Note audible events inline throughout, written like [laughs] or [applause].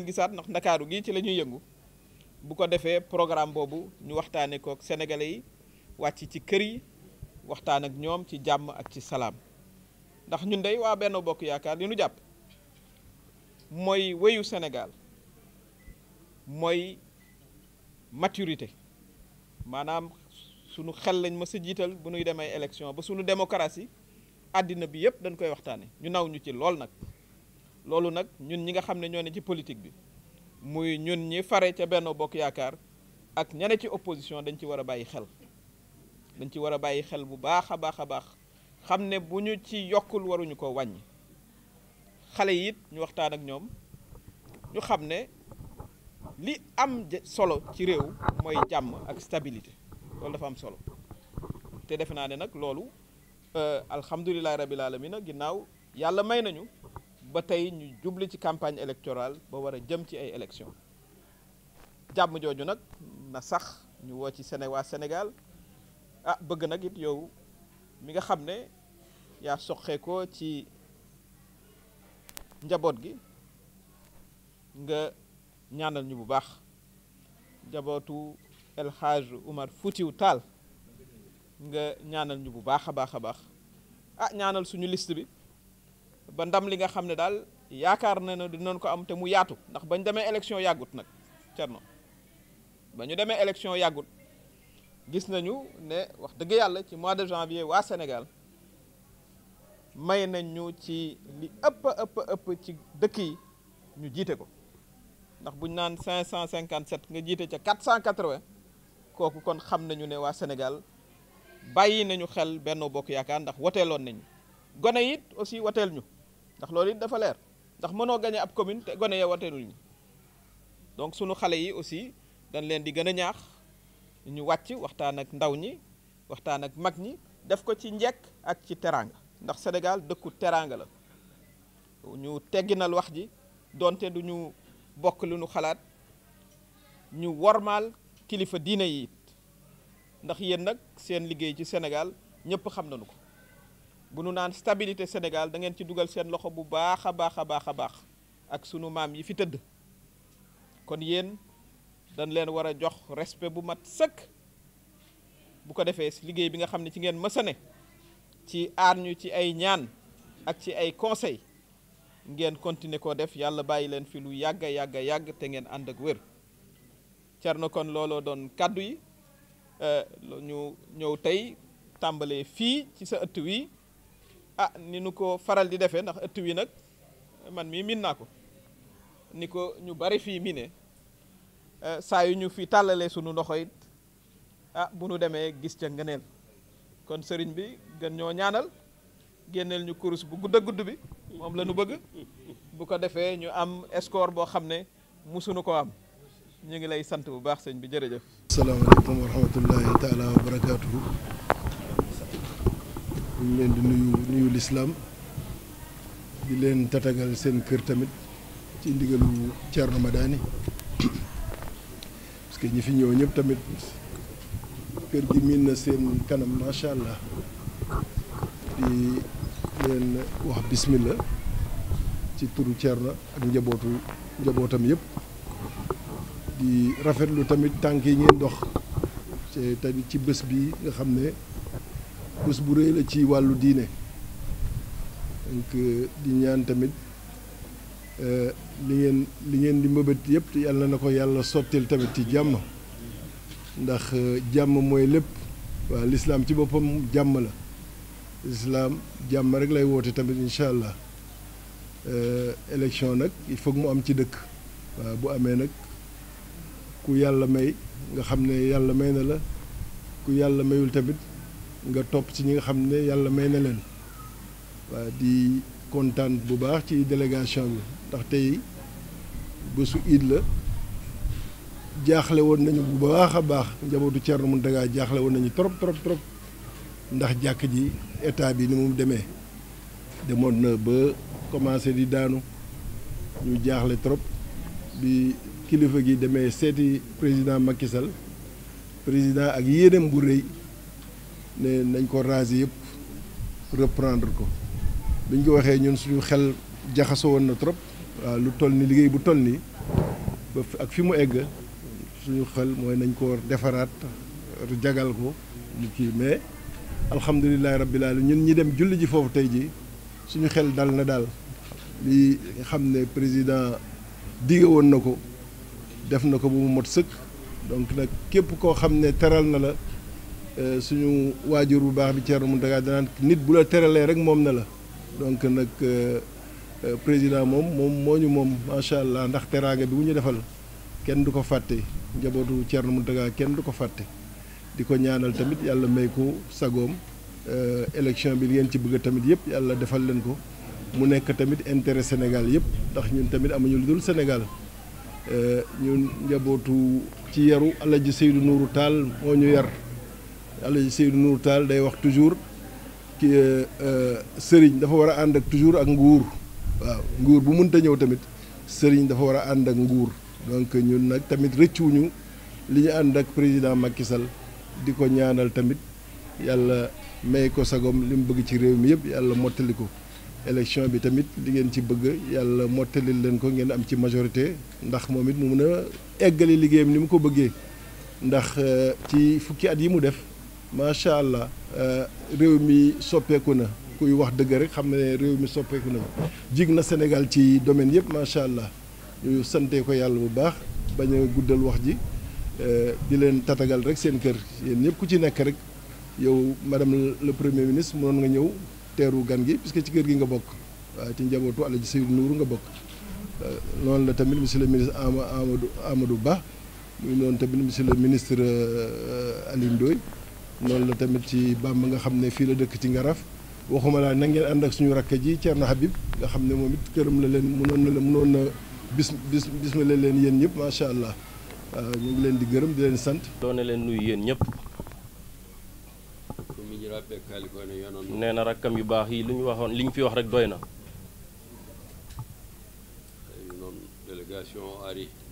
leen gisaat ndax ndakaaru gi ci la ñuy yëngu bu ko defee programme boobu ñu waxtaanee ko ak sénégalais yi wàcc ci kër yi waxtaan ak ñoom ci jàmm ak ci salaam ndax ñun day waa benn bokk yaakaar li ñu jàpp mooy Sénégal mooy maturité maanaam sunu xel lañ ma sa jiital bu nuy demay élection ba sunu démocratie àddina bi yépp dañ koy waxtaane ñu naw ñu ci lool nag loolu nag ñun ñi nga xam ne ñoo ne ci politique bi muy ñun ñi fare ca benn Bokk Yaakaar ak ñane ci opposition dañ ci war a bàyyi xel dañ ci war a bàyyi xel bu baax a baax a baax xam ne bu ñu ci yokkul waruñu ko wàññi xale yi it ñu waxtaan ak ñoom ñu xam ne li am solo ci réew mooy jàmm ak stabilité loolu dafa am solo te defe naa ne nag loolu euh, alhamdulilahi rabil alamina ginnaaw yàlla may nañu ba tey ñu jubli ci campagne électorale ba war a jëm ci ay élections jàmm jooju nag na sax ñu woo ci Séné waa Sénégal ah bëgg nag it yow mi nga xam ne yaa ko ci njaboot gi nga ñaanal ñu bu baax njabootu El Hadj Oumar Foutiou Tall nga ñaanal ñu bu baax a baax a baax ah ñaanal suñu list bi. ba ndam li nga xam ne daal yaakaar na ne dinañ ko am te mu yaatu ndax bañ demee élection yàggut nag Thierno ba ñu demee élection yàggut gis nañu ne wax dëgg yàlla ci mois de janvier waa Sénégal may nañ ñu ci li ëpp ëpp ëpp ci dëkk yi ñu jiite ko ndax buñ naan 557 nga jiite ca 480 kooku kon xam nañu ne waa Sénégal bàyyi nañu xel Benno Bokk Yaakaar ndax woteeloon nañu gone it aussi woteel ñu ndax loolu it dafa leer ndax mënoo gagné ab commune te gone yow avons des donc sunu xale yi aussi dañ leen di gën a ñaax ñu wàcc waxtaan ak ndaw ñi waxtaan ak mag ñi def ko ci njekk ak ci teraanga ndax Sénégal dëkku la ñu tegginal wax ji donte duñu bokk lu xalaat ñu wormaal kilifa diine yi Sénégal ñëpp bu nu naan stabilité Sénégal da ngeen ci dugal seen loxo bu baax a baax a baax a baax ak sunu maam yi fi tëdd kon yéen dañ leen war a jox respect bu mat sëkk bu ko defee si liggéey bi nga xam ne ci ngeen mësane ci aar ñu ci ay ñaan ak ci ay conseil ngeen continuer ko def yàlla bàyyi leen fi lu yàgga yàgga yàgg te ngeen ànd ak wér Thierno kon looloo doon kàddu yi euh, ñu ñëw tey tàmbalee fii ci sa ëtt wi ah ni nu ko faral di defee ndax ëtt wi nag man mii miin naa ko ni ko ñu bari fii mi ne eh, saa yu ñu fi tàllalee sunu loxo it ah bu nu demee gis ca ngëneel kon sëriñ bi gën ñoo ñaanal génneel ñu kurus bu gudd gudd bi moom la ñu bëgg bu ko defee ñu am score boo xam ne musunu ko am ñu ngi lay sant bu baax sëñ bi jërëjëf. asalaamaaleykum wa rahmatullahi taala wa barakaatuhu. ñu new leen di nuyu nuyu lislaam di leen tatagal seen kër tamit ci ndigalu Thierno Madani parce que ñi fi ñëw ñëpp tamit kër gi na seen kanam macha allah di leen wax bismillah ci turu Thierno ak njabootu njabootam yëpp di rafetlu tamit tànk yi ngeen dox tamit ci bés bi nga xam ne bu rëy la ci wàllu diine donc euh, di ñaan tamit euh, li ngeen li ngeen di mbëbët yëpp yàlla na ko yàlla sottil tamit ci jàmm ndax euh, jàmm mooy lépp waaw lislaam ci boppam jàmm la lislaam jàmm rek lay woote tamit incha allah élection nag il faut mu am ci dëkk waaw bu amee nag ku yàlla may nga xam ne yàlla may na la ku yàlla mayul tamit nga topp ci ñi nga xam ne yàlla may na leen waa di kontaan bu baax ci délégation bi ndax tey bésu iid la jaaxle woon nañu bu baax a baax njabootu Thierno Mountaga jaaxle woon nañu trop trop trop ndax jàkk ji état bi ni mu demee demoon na ba commencé di daanu ñu jaaxle trop bi kilifa gi demee seeti président Macky président ak yéenam bu rëy. ne nañ ko raser yëpp reprendre ko bi ñu ko waxee ñun suñu xel jaxasoo woon na trop waaw lu toll ni liggéey bu toll nii ba ak fi mu egg suñu xel mooy nañ ko defaraat jagal ko mu kii mais alhamdulilahi rabbil alamin ñun ñi dem julli ji foofu tey ji suñu xel dal na daal li xam ne président dige woon na ko def na ko bu mu mot sëkk donc nag képp koo xam ne teral na la Euh, suñu waajur bu baax bi Thierno Mountaga danaan nit bu la teralee rek moom na la donc nag euh, euh, président moom moom moo ñu moom macha allah ndax teraanga bi mu ñu defal kenn du ko fàtte njabootu Thierno Mountaga kenn du ko fàtte di ko ñaanal tamit yàlla may ko sagoom élection bi ngeen ci bëgg tamit yëpp yàlla defal leen ko mu nekk tamit intére Sénégal yëpp ndax ñun tamit amuñu lu dul Sénégal ñun njabootu ci yaru Alaji Seydou Nourou Tall moo ñu yar. Alaaji Seydou Nour Tall day wax toujours ki euh, euh, sëriñ dafa war a ànd ak toujours ak nguur waaw nguur bu mënta ñëw tamit sëriñ dafa war a ànd ak nguur donc ñun nag tamit rëccuwuñu li ñu ànd ak président Macky Sall di ko ñaanal tamit yàlla may ko sagom li mu bëgg ci réew mi yëpp yàlla mottali ko élection bi tamit li ngeen ci bëgg yàlla mottali leen ko ngeen am ci majorité ndax moom it mu mën a eggali liggéeyam ni mu ko bëggee ndax euh, ci fukki at yi mu def macha allah eh, réew mi soppeeku na kuy wax dëgg rek xam ne réew mi soppeeku na jig na Sénégal ci domaine yëpp macha allah ñu sante ko yàlla bu baax bañ a guddal wax ji eh, di leen tatagal rek seen kër yéen ñëpp ku ci nekk rek yow madame le premier ministre mënoon nga ñëw teeru gan gi puisque ci kër gi nga bokk waaye ci njabootu ji Seydou Nourou nga bokk eh, noonu la tamit monsieur le ministre Amadou Amadou Ba muy noonu tamit monsieur le ministre Alioune Ndoye noonu la tamit ci Bamba nga xam ne fii la dëkk ci Ngaraf waxuma laa nangeen ànd ak suñu rakk ji Thierno Habib nga xam ne moom it këram la leen mënoon na la mënoon na bis bis bismillah leen yéen ñëpp macha allah euh, ñu ngi leen di gërëm di leen sant. doon na leen nuyu yéen ñëpp. nee na rakkam yu baax yi lu ñu waxoon li ñu fi wax rek doy na.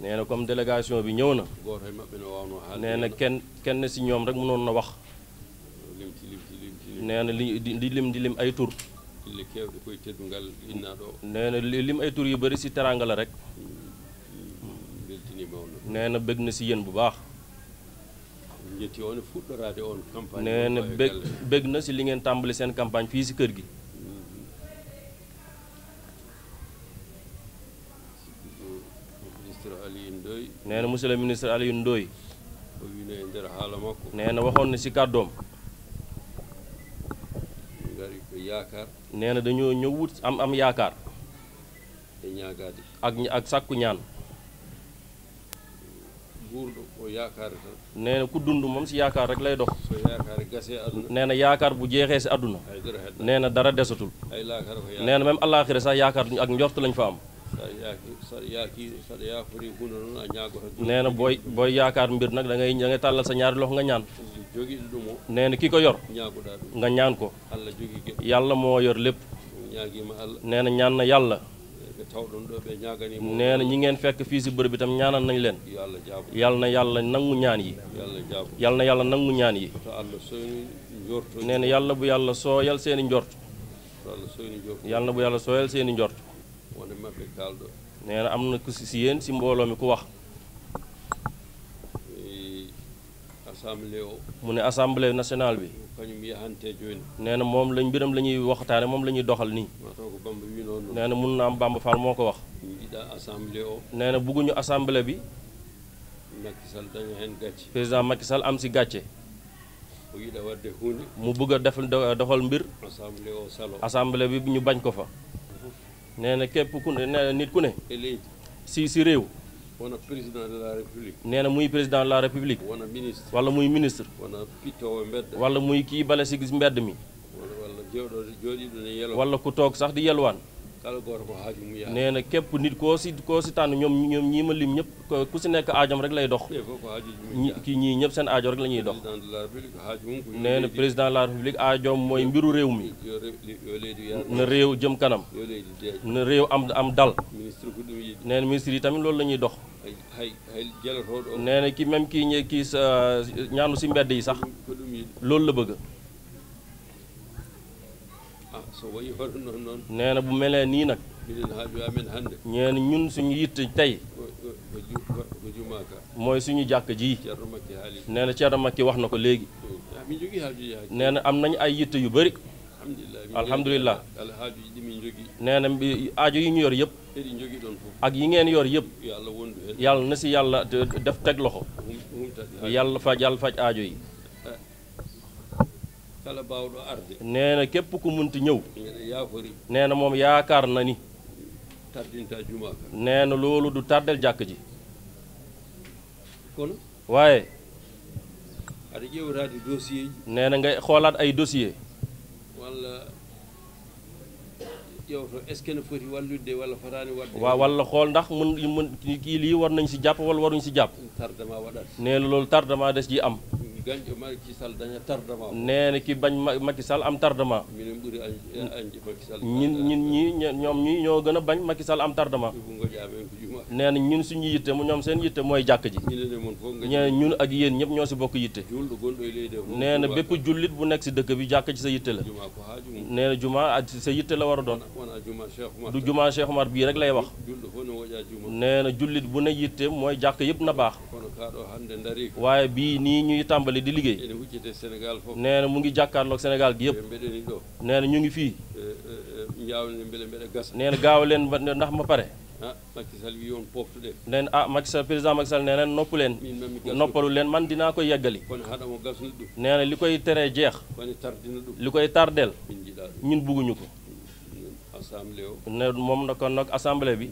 nee na comme délégation bi ñëw na. nee na kenn kenn si ñoom rek mënoon na wax. nee li lim di lim ay tur le lim ay tur yu si teranga la rek mm, beltinima on nee na bëgg na si yéen bu baax jetti on fuɗɗorade on campagne nee na bëgg na li ngeen seen campagne kër gi mm-hmm. monsieur le ministre na yaakaar. nee na dañoo ñëw wut am am yaakaar. ak ak sàkku ñaan. buur ko ku dund moom si yaakaar rek lay dox. nee na yaakaar bu jeexee si àdduna. nee na dara desatul. nee na même àllaaxira sax yaakaar ak njort lañ fa am. nee na booy booy yaakaar mbir nag dangay ngay tàllal sa ñaari loxo nga ñaan nee na ki ko yor nga ñaan ko yàlla moo yor lépp nee na ñaan na yàlla nee ñi ngeen fekk fii si bërëb bi tam ñaanal nañ leen yàlla na yàlla nangu ñaan yi yàlla na yàlla nangu ñaan yi nee na yàlla bu yàlla sooyal seeni njor yàlla bu yàlla sooyal seeni njor nee na am na ku si yéen si mbooloo mi ku wax mu ne assemblée nationale bi nee na moom lañ mbiram la ñuy waxtaane moom la ñuy doxal nii nee mun na am assemblée bi président Macky Sall am si gàcce mu bëgg a def doxal mbir assemblée bi ñu bañ ko fa nee na képp ku ne nit ku ne. si si réew. wona président nee na muy président de la république wona ministre walla muy ministre wona pittowo mbedd walla muy kii bale si mbedd mi walla jooɗo jooɗiɗo ne walla ku toog sax di yelwaan nee na képp nit ko si ko si tànn ñoom ñoom ñii ma lim ñëpp ku si nekk ajoom rek lay dox ñi kii ñii ñëpp seen aajo rek la ñuy dox nee na président de la république ajoom mooy mbiru réew mi na réew jëm kanam na réew am am dal nee ministre yi tamit loolu lañuy dox dox nee na ki même kii ñe kii ñaanu si mbedd yi sax loolu la bëgg nee na bu melee nii nag ñeen ñun suñu yitt tey mooy suñu jàkk ji nee na Thierno Macky wax na ko léegi nee na am nañu ay yitt yu bëri alhamdulilah nee na bi aajo yi ñu yor yëpp ak yi ngeen yor yëpp yàlla na si yàlla def teg loxo yàlla faj yàlla faj ajo yi kala bawɗo arde nee na ku munti ñew yaafori mom yaakar na ni tardinta juma ka nee du tardel jakk ji kono waaye aɗa ƴewraade dossier ji nee na ngay xolaat ay dossier wala yow so est ce que ne foti wallude walla fotaani wadde wa wala xol ndax mun ki li war nañ ci japp wala waruñ ci japp tardama wadat nee lolu tardama des ji am hmm. ganjo Macky Sall daña tardement nee na ki bañ Macky Sall am tardement minen ɓuri añde ñoom ñi ñoo gën a bañ Macky Sall am tardement nee na ñun suñu yitte mu ñoom seen yitte mooy jàkk ji ñee ñun ak yéen ñëpp ñoo si bokk yitte nee na bépp jullit bu nekk si dëkk bi jàkk ji sa yitte la nee na sa yitte la war a doon du juma Cheikh Omar bii rek lay wax nee na jullit bu ne yitte mooy jàkk yëpp na baax waaye bii nii ñuy tàmbali Mali di liggéey nee na mu ngi jàkkaarloog Sénégal gi yëpp nee na ñu ngi fii eh, eh, eh, nee gaaw leen ba ndax ma pare ah, nee na ah Macky Sall président Macky Sall nee na nopp leen noppalu leen man dinaa koy yeggali nee na li koy teree jeex li koy tardeel ñun bugguñu ko ne moom na kon nag assemblée bi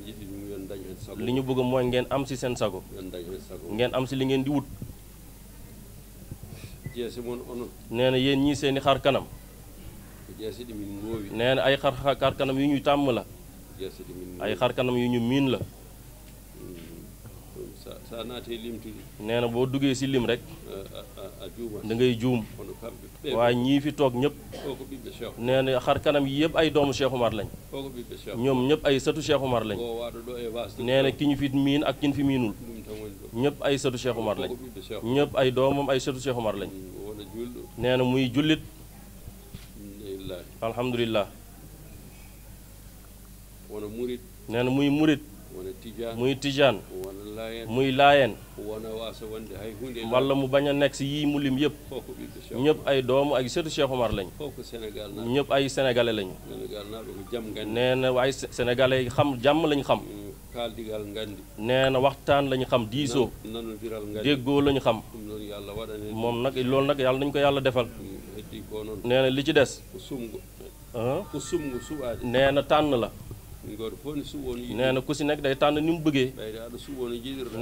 li ñu bëgg mooy ngeen am si seen sago ngeen am si li ngeen di wut nee na yéen ñii seeni xarkanam kanam nee na ay xar xar kanam yu ñu tàmm la ay xarkanam yu ñu miin la hmm. nee na boo duggee ci lim rek da ngay juum waaye ñii fi toog ñëpp nee na xar kanam yi yëpp ay doomu Cheikh Umar lañ ñoom ñëpp ay sëtu Cheikh Umar lañ nee na ki ñu fi miin ak ki fi miinul ñëpp ay sëtu Cheikh Omar lañ ñëpp ay doomam ay sëtu Cheikh Omar lañ nee na muy jullit alhamdulilah nee muy murit muy tijaan muy laayeen walla mu bañ a nekk si yii mu lim yëpp ñëpp ay doomu ak sëtu Cheikh Omar lañ ñëpp ay sénégalais lañu nee na waaye xam jàmm lañ xam mm. nee na waxtaan la ñu xam diisoo déggoo la ñu xam moom nag loolu nag yàlla nañu ko yàlla defal mm, nee na li ci des nee na tànn la nee na ku si nekk day tànn ni mu bëggee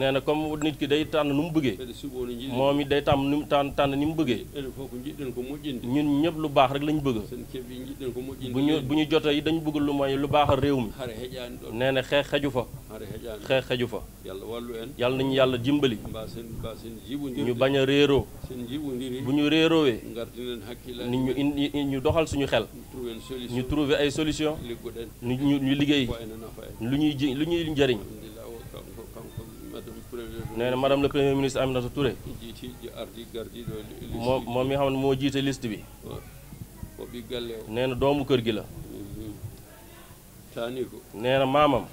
nee na comme nit ki day tànn ni mu bëggee moom it day tànn ni mu tànn tànn ni mu bëggee ñun ñëpp lu baax rek lañ bëgg bu ñu bu ñu jotee yi dañ bëgg lu mooy lu baax réew mi nee na xeex xeju fa xeex xeju fa yàlla nañu yàlla dimbali ñu bañ a réeroo bu ñu réeroowee ni ñu indi ñu doxal suñu xel ñu trouver ay solution ñu liggéey liggéey lu ñuy ji lu ñuy njariñ nee na madame le premier ministre Aminata Touré moom moom mi xam ne moo jiite liste bi nee doomu kër gi la mhm. nee maamam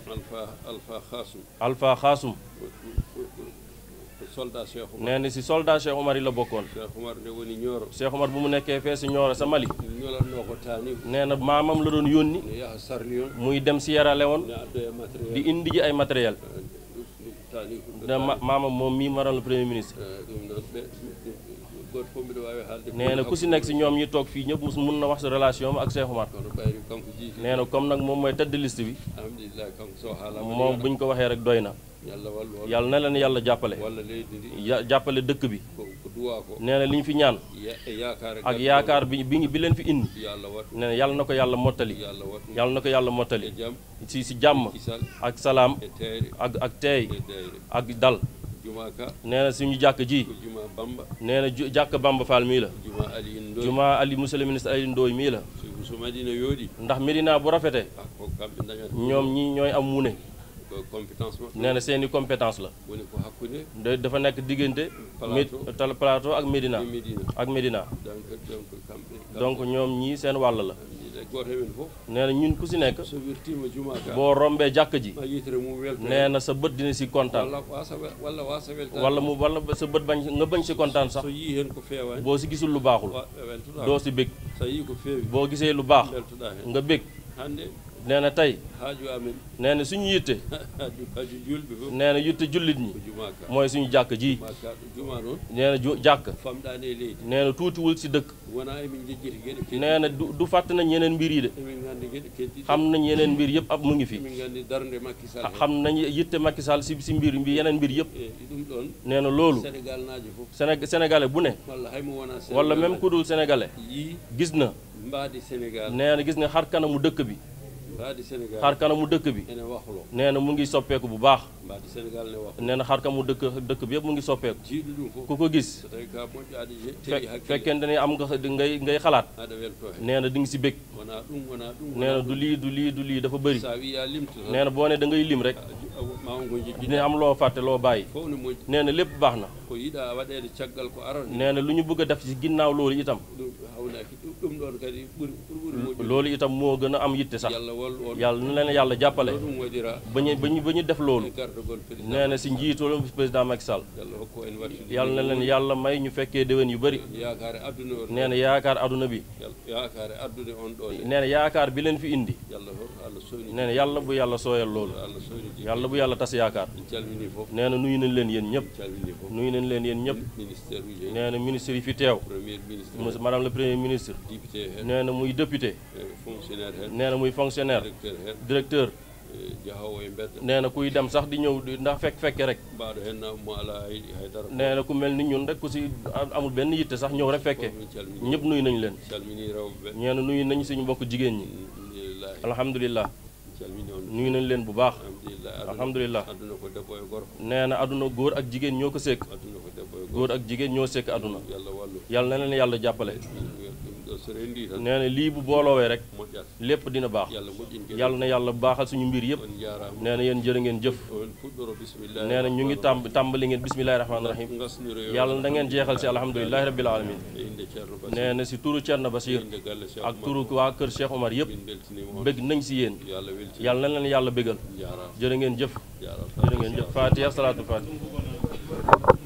alfa xaasum alfa xaasum soldat si soldat Cheikh Omar yi la Cheikh Omar de woni Nioro Cheikh Omar bu mu sa Mali dem di indi ji ay matériel da eh, maamam moom mii maral premier ministre eh, nee ku si nekk si ñoom ñi mun na wax sa ak Cheikh Omar comme bi mom buñ ko rek yàlla na leen yàlla jàppale jàppale dëkk bi nee na li ñu fi ñaan ak yaakaar bi bi bi leen fi indi nee na yàlla na ko yàlla mottali yàlla na ko yàlla mottali si si jàmm ak salaam ak ak teey ak dal nee na suñu jàkk ji nee na jàkk Bamba Fall mii la jumaa Ali monsieur le ministre Ali Ndoye mii la ndax Medina bu rafetee ñoom ñi ñooy am mu ne compétence nee na seen compétence la. dafa nekk diggante. Plateau Plateau ak Médina ak Médina. donc ñoom ñii seen wàll la. nee na ñun ku si nekk. boo rombee jàkk ji. nee na sa bët dina si kontaan. wala mu wala sa bët bañ nga bañ si kontaan sax. boo si gisul lu baaxul. doo si bég. boo gisee lu baax. nga bég. nee na tey nee na suñu yitte [laughs] nee na yitte jullit ñi mooy suñu jàkk ji nee na ju jàkk nee na tuutiwul si dëkk nee na du du fàtt nañ yeneen mbir yi de xam nañ yeneen mbir yëpp ab mu ngi fi xam nañu yitte Macky Sall si si mbir bi yeneen mbir yëpp eh, nee na loolu Sénégal sénégalais bu ne wala même ku dul sénégalais gis na nee na gis nga xar kanamu dëkk bi xar kanamu dëkk bi nee na mu ngi soppeeku bu baax nee na xar ka mu dëkk dëkk bi yëpp mu ngi soppeeku ku ko gis fekkente ne am nga ngay ngay xalaat nee na di nga si bëgg nee na du lii du lii du lii dafa bëri nee boo ne da ngay lim rek dina ah, ah, am loo fàtte loo bàyyi nee na lépp baax na nee na lu ñu bëgg a def ci ginnaaw loolu itam loolu itam moo gën a am yitte sax yàlla na leen yàlla jàppale ah. ba ñu ba ñu def loolu nee na si njiitu président Macky Sall yàlla na leen yàlla may ñu fekkee déwén yu bëri nee na yaakaar adduna bi nee na yaakaar bi leen fi indi nee na yàlla bu yàlla sooyal loolu yàlla bu yàlla tas yaakaar nee na nuyu nañ leen yéen ñëpp nuyu nañ leen yéen ñëpp nee na ministre yi fi teew madame le premier ministre nee na muy député euh, nee na muy fonctionnaire directeur nee na kuy dem sax di ñëw ndax fekk fekke rek nee na ku mel ni ñun rek ku si amul benn yitte sax ñëw rek fekke ñëpp nuyu nañ leen ñee na nuyu nañ suñu mbokk jigéen ñi alhamdulilah nuyu nañ leen bu baax alhamdulilah nee na aduna góor ak jigéen ñoo ko sekk góor ak jigéen ñoo sekk aduna yàlla na leen yàlla jàppale nee na lii bu booloowee rek lépp dina baax yàlla na yàlla bu baaxal ñu mbir yëpp nee na yéen jërë ngeen jëf nee na ñu ngi tàmb tàmbali ngeen bismillahi rahmaani rahim yàlla na ngeen jeexal si alhamdulilahi rabbil alamin nee na si turu Thierno Basir ak turu waa kër Cheikh Omar yëpp bëgg nañ si yéen yàlla na leen yàlla bégal jërë ngeen jëf jërë ngeen salaatu fatiha